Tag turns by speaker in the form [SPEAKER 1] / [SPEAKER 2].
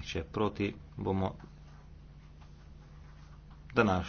[SPEAKER 1] nihče proti, bomo današ